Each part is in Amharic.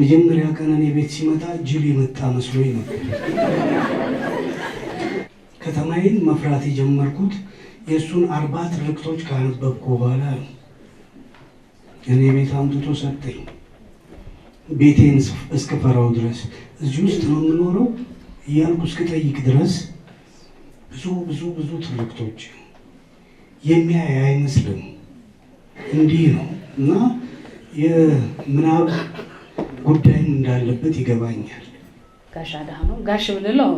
መጀመሪያ ቀን እኔ ቤት ሲመጣ ጅል የመጣ መስሎኝ ነው። ከተማዬን መፍራት የጀመርኩት የእሱን አርባ ትርክቶች ካነበብኩ በኋላ ነው። እኔ ቤት አምጥቶ ሰጠኝ። ቤቴን እስክፈራው ድረስ እዚህ ውስጥ ነው የምኖረው እያልኩ እስክጠይቅ ድረስ ብዙ ብዙ ብዙ ትርክቶች የሚያይ አይመስልም። እንዲህ ነው እና የምናብ ጉዳይም እንዳለበት ይገባኛል። ጋሽ አድሃ ነው ጋሽ ብንለው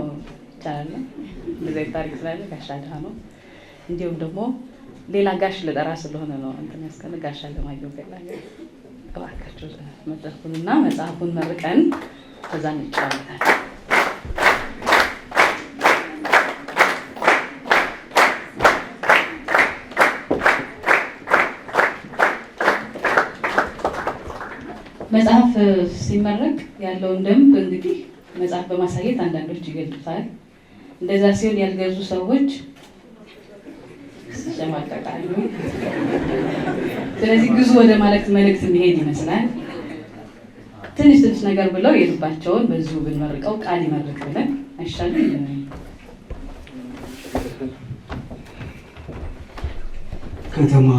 ይቻላል። እንደዚህ ታሪክ ስላለ ጋሽ አድሃ ነው። እንዲሁም ደግሞ ሌላ ጋሽ ልጠራ ስለሆነ ነው እንትን ያስቀን ጋሽ አለማየሁ ገላጋይ እባካችሁ መድረኩንና መጽሐፉን መርቀን ከዛ እንጫወታለን። መጽሐፍ ሲመረቅ ያለውን ደንብ እንግዲህ መጽሐፍ በማሳየት አንዳንዶች ይገልጡታል። እንደዛ ሲሆን ያልገዙ ሰዎች ይሸማቀቃሉ። ስለዚህ ግዙ ወደ ማለት መልእክት የሚሄድ ይመስላል። ትንሽ ትንሽ ነገር ብለው የልባቸውን በዙ ብንመርቀው ቃል ይመርቅ ብለን አይሻልም? ከተማ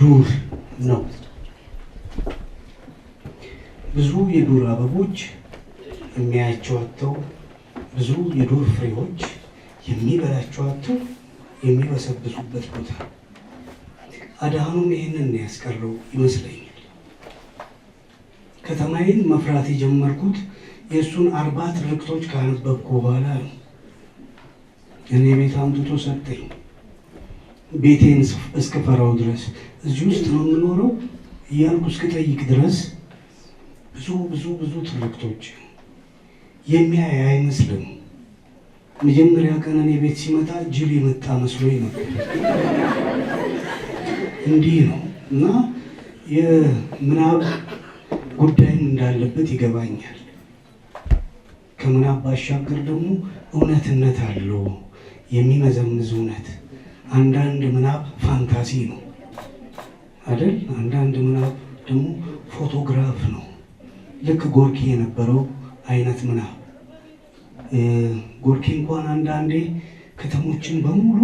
ዱር ነው። ብዙ የዱር አበቦች የሚያያቸው አጥተው ብዙ የዱር ፍሬዎች የሚበላቸው አጥተው የሚበሰብሱበት ቦታ አድኃኖም ይህንን ያስቀረው ይመስለኛል። ከተማዬን መፍራት የጀመርኩት የእሱን አርባ ትርክቶች ካነበብኩ በኋላ ነው። እኔ ቤት አምጥቶ ሰጠኝ። ቤቴን እስክፈራው ድረስ እዚህ ውስጥ ነው የምኖረው እያልኩ እስክጠይቅ ድረስ ብዙ ብዙ ብዙ ትርክቶች የሚያይ አይመስልም። መጀመሪያ ቀን እኔ ቤት ሲመጣ ጅል የመጣ መስሎ ነበር። እንዲህ ነው እና የምናብ ጉዳይም እንዳለበት ይገባኛል። ከምናብ ባሻገር ደግሞ እውነትነት አለው፣ የሚመዘምዝ እውነት። አንዳንድ ምናብ ፋንታሲ ነው አይደል? አንዳንድ ምናብ ደግሞ ፎቶግራፍ ነው። ልክ ጎርኪ የነበረው አይነት ምና ጎርኬ እንኳን አንዳንዴ ከተሞችን በሙሉ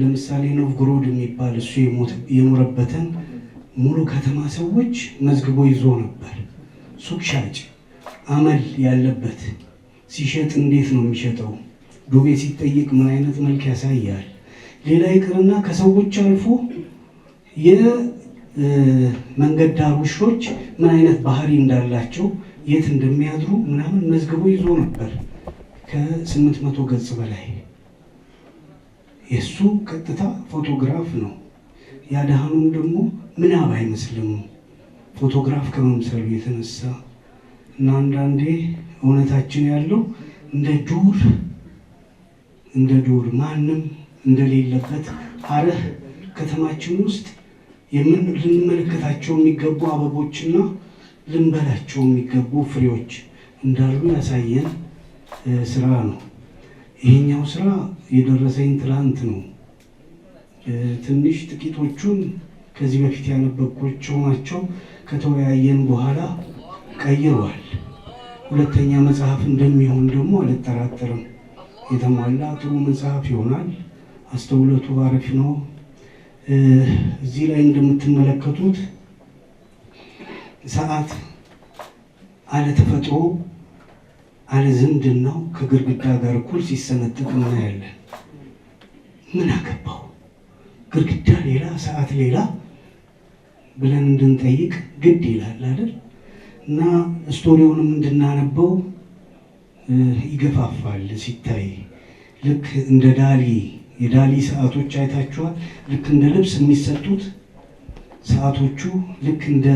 ለምሳሌ ኖቭጎሮድ የሚባል እሱ የኖረበትን ሙሉ ከተማ ሰዎች መዝግቦ ይዞ ነበር። ሱቅ ሻጭ አመል ያለበት ሲሸጥ እንዴት ነው የሚሸጠው? ዱቤ ሲጠይቅ ምን አይነት መልክ ያሳያል? ሌላ ይቅርና ከሰዎች አልፎ መንገድ ዳር ውሾች ምን አይነት ባህሪ እንዳላቸው የት እንደሚያድሩ ምናምን መዝግቦ ይዞ ነበር። ከስምንት መቶ ገጽ በላይ የእሱ ቀጥታ ፎቶግራፍ ነው። ያደሃኑም ደግሞ ምናብ አይመስልም ፎቶግራፍ ከመምሰሉ የተነሳ እና አንዳንዴ እውነታችን ያለው እንደ ዱር እንደ ዱር ማንም እንደሌለበት አረህ ከተማችን ውስጥ ልንመለከታቸው የሚገቡ አበቦችና ልንበላቸው የሚገቡ ፍሬዎች እንዳሉ ያሳየን ስራ ነው። ይሄኛው ስራ የደረሰኝ ትላንት ነው። ትንሽ ጥቂቶቹን ከዚህ በፊት ያነበብኳቸው ናቸው። ከተወያየን በኋላ ቀይረዋል። ሁለተኛ መጽሐፍ እንደሚሆን ደግሞ አልጠራጠርም። የተሟላ ጥሩ መጽሐፍ ይሆናል። አስተውለቱ አሪፍ ነው። እዚህ ላይ እንደምትመለከቱት ሰዓት አለ ተፈጥሮ አለ ዝምድናው ከግርግዳ ጋር እኩል ሲሰነጠቅ እናያለን። ምን አገባው ግርግዳ ሌላ ሰዓት ሌላ ብለን እንድንጠይቅ ግድ ይላል አይደል? እና ስቶሪውንም እንድናነበው ይገፋፋል ሲታይ ልክ እንደ ዳሊ የዳሊ ሰዓቶች አይታችኋል። ልክ እንደ ልብስ የሚሰጡት ሰዓቶቹ ልክ እንደ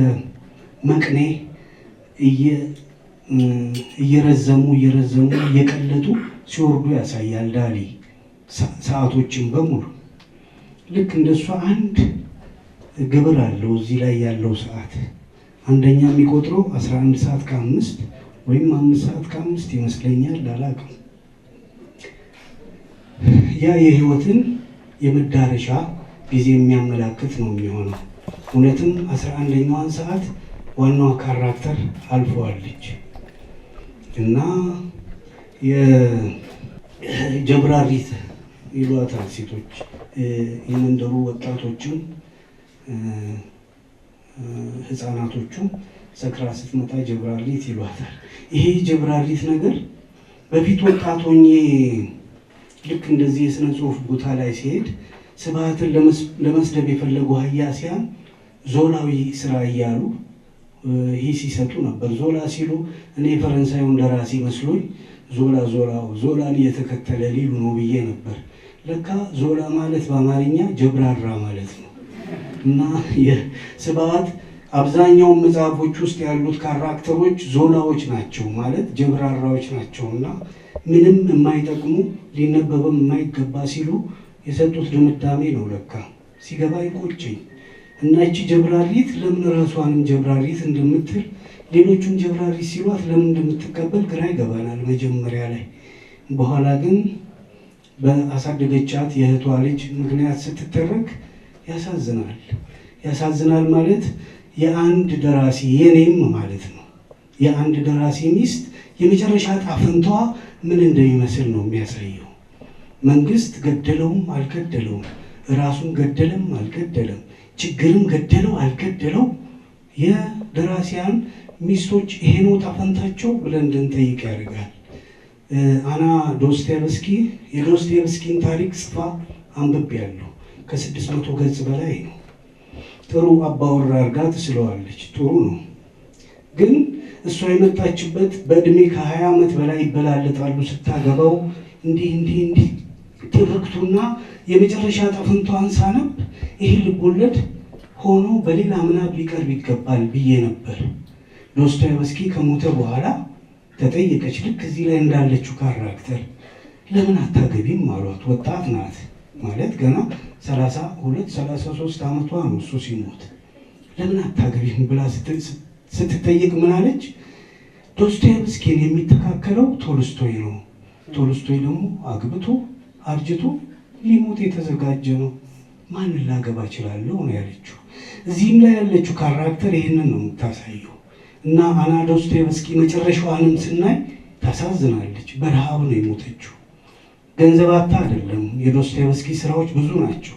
መቅኔ እየረዘሙ እየረዘሙ እየቀለጡ ሲወርዱ ያሳያል። ዳሊ ሰዓቶችን በሙሉ ልክ እንደሱ አንድ ግብር አለው። እዚህ ላይ ያለው ሰዓት አንደኛ የሚቆጥረው 11 ሰዓት ከአምስት ወይም አምስት ሰዓት ከአምስት ይመስለኛል አላውቅም። ያ የህይወትን የመዳረሻ ጊዜ የሚያመላክት ነው የሚሆነው። እውነትም አስራ አንደኛዋን ሰዓት ዋናዋ ካራክተር አልፈዋለች እና የጀብራሪት ይሏታል ሴቶች የመንደሩ ወጣቶችም ህፃናቶቹም ሰክራ ስትመጣ ጀብራሪት ይሏታል። ይሄ ጀብራሪት ነገር በፊት ወጣቶኜ ልክ እንደዚህ የስነ ጽሁፍ ቦታ ላይ ሲሄድ ስብሐትን ለመስደብ የፈለጉ ሀያሲያን ዞላዊ ስራ እያሉ ይህ ሲሰጡ ነበር። ዞላ ሲሉ እኔ የፈረንሳዩን ደራሲ መስሎኝ ዞላ ዞላ ዞላን እየተከተለ ሊሉ ነው ብዬ ነበር። ለካ ዞላ ማለት በአማርኛ ጀብራራ ማለት ነው። እና ስብሐት አብዛኛውን መጽሐፎች ውስጥ ያሉት ካራክተሮች ዞላዎች ናቸው ማለት ጀብራራዎች ናቸው እና ምንም የማይጠቅሙ ሊነበበም የማይገባ ሲሉ የሰጡት ድምዳሜ ነው። ለካ ሲገባ ይቆጭኝ እና እቺ ጀብራሪት ለምን ራሷንም ጀብራሪት እንደምትል ሌሎቹን ጀብራሪት ሲሏት ለምን እንደምትቀበል ግራ ይገባናል መጀመሪያ ላይ። በኋላ ግን በአሳደገቻት የእህቷ ልጅ ምክንያት ስትተረክ ያሳዝናል። ያሳዝናል ማለት የአንድ ደራሲ የኔም ማለት ነው የአንድ ደራሲ ሚስት የመጨረሻ ጣፍንቷ ምን እንደሚመስል ነው የሚያሳየው። መንግስት ገደለውም አልገደለውም፣ ራሱን ገደለም አልገደለም፣ ችግርም ገደለው አልገደለው፣ የደራሲያን ሚስቶች ይሄ ነው ታፈንታቸው ብለን እንድንጠይቅ ያደርጋል። አና ዶስቴቭስኪ የዶስቴቭስኪን ታሪክ ጽፋ አንብቤ ያለው ከስድስት መቶ ገጽ በላይ ነው። ጥሩ አባወራ እርጋ ትስለዋለች። ጥሩ ነው ግን እሷ የመጣችበት በእድሜ ከሀያ ዓመት በላይ ይበላለጣሉ። ስታገባው እንዲህ እንዲህ እንዲህ ትርክቱና የመጨረሻ ጠፍንቷን ሳነብ ይህ ልቦለድ ሆኖ በሌላ ምናብ ሊቀርብ ይገባል ብዬ ነበር። ዶስቶየቭስኪ ከሞተ በኋላ ተጠየቀች። ልክ እዚህ ላይ እንዳለችው ካራክተር ለምን አታገቢም አሏት። ወጣት ናት ማለት ገና 32 33 ዓመቷ ነው እሱ ሲሞት። ለምን አታገቢም ብላ ስትጠይቅ ምን አለች? ዶስቶየቭስኪን የሚተካከለው ቶልስቶይ ነው። ቶልስቶይ ደግሞ አግብቶ አርጅቶ ሊሞት የተዘጋጀ ነው። ማንን ላገባ እችላለሁ ነው ያለችው። እዚህም ላይ ያለችው ካራክተር ይህንን ነው የምታሳየው። እና አና ዶስቶየቭስኪ መጨረሻዋንም ስናይ ታሳዝናለች። በረሃብ ነው የሞተችው። ገንዘብ አታ አይደለም። የዶስቶየቭስኪ ስራዎች ብዙ ናቸው።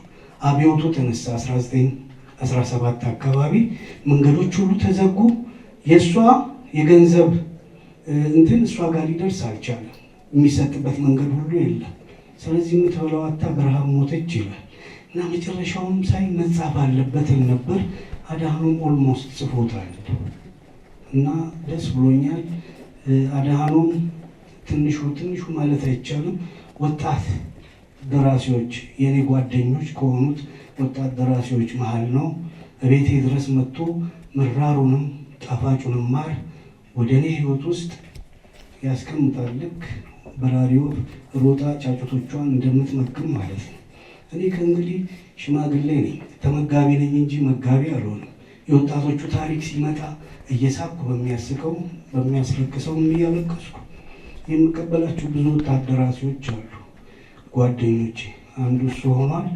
አብዮቱ ተነሳ 19 17 አካባቢ መንገዶች ሁሉ ተዘጉ። የእሷ የገንዘብ እንትን እሷ ጋር ሊደርስ አልቻለም። የሚሰጥበት መንገድ ሁሉ የለም። ስለዚህ የምትበላው አታ በረሃብ ሞተች ይላል እና መጨረሻውም ሳይ መጻፍ አለበት ነበር። አድኃኖም ኦልሞስት ጽፎታል እና ደስ ብሎኛል። አድሃኖም ትንሹ ትንሹ ማለት አይቻልም ወጣት ደራሲዎች የኔ ጓደኞች ከሆኑት ወጣት ደራሲዎች መሀል ነው። እቤቴ ድረስ መጥቶ ምራሩንም ጣፋጩንም ማር ወደ እኔ ህይወት ውስጥ ያስቀምጣል። ልክ በራሪው ሮጣ ጫጩቶቿን እንደምትመግብ ማለት ነው። እኔ ከእንግዲህ ሽማግሌ ነኝ፣ ተመጋቢ ነኝ እንጂ መጋቢ አልሆንም። የወጣቶቹ ታሪክ ሲመጣ እየሳኩ በሚያስቀው በሚያስለቅሰው እያለቀስኩ የምቀበላቸው ብዙ ወጣት ደራሲዎች አሉ። ጓደኞች አንዱ እሱ ሆኗል።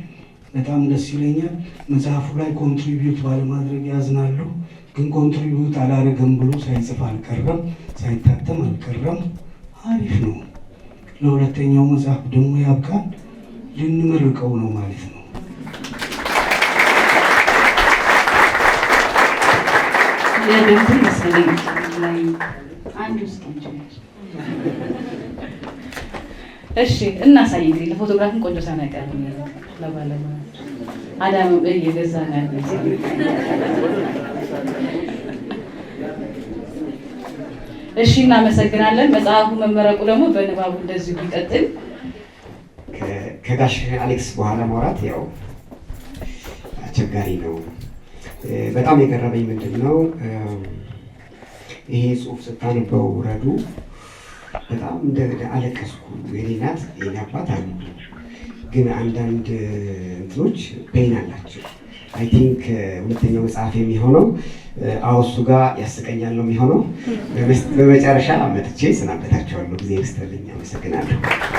በጣም ደስ ይለኛል። መጽሐፉ ላይ ኮንትሪቢዩት ባለማድረግ ያዝናሉ፣ ግን ኮንትሪቢዩት አላረገም ብሎ ሳይጽፍ አልቀረም፣ ሳይታተም አልቀረም። አሪፍ ነው። ለሁለተኛው መጽሐፍ ደግሞ ያብቃል። ልንመርቀው ነው ማለት ነው። ለደንብ መሰለኝ ላይ አንድ ውስጥ እሺ እናሳይ እንግዲህ ለፎቶግራፍም ቆንጆ ሳናቀር ያቀርብ ለባለሙያ አዳም እየገዛ ነው ያለ እሺ እናመሰግናለን መጽሐፉ መመረቁ ደግሞ በንባቡ እንደዚሁ ቢቀጥል ከጋሽ አሌክስ በኋላ ማውራት ያው አስቸጋሪ ነው በጣም የቀረበኝ ምንድን ነው ይሄ ጽሁፍ ስታነበው ረዱ በጣም እንደ አለቀስኩ የኔ እናት የኔ አባት አሉ። ግን አንዳንድ እንትኖች ፔን አላቸው። አይ ቲንክ uh, ሁለተኛው መጽሐፍ የሚሆነው uh, አውሱ ጋር ያስቀኛል ነው የሚሆነው። በመጨረሻ መጥቼ ስናበታቸዋለሁ። ጊዜ ይስጥልኝ። አመሰግናለሁ።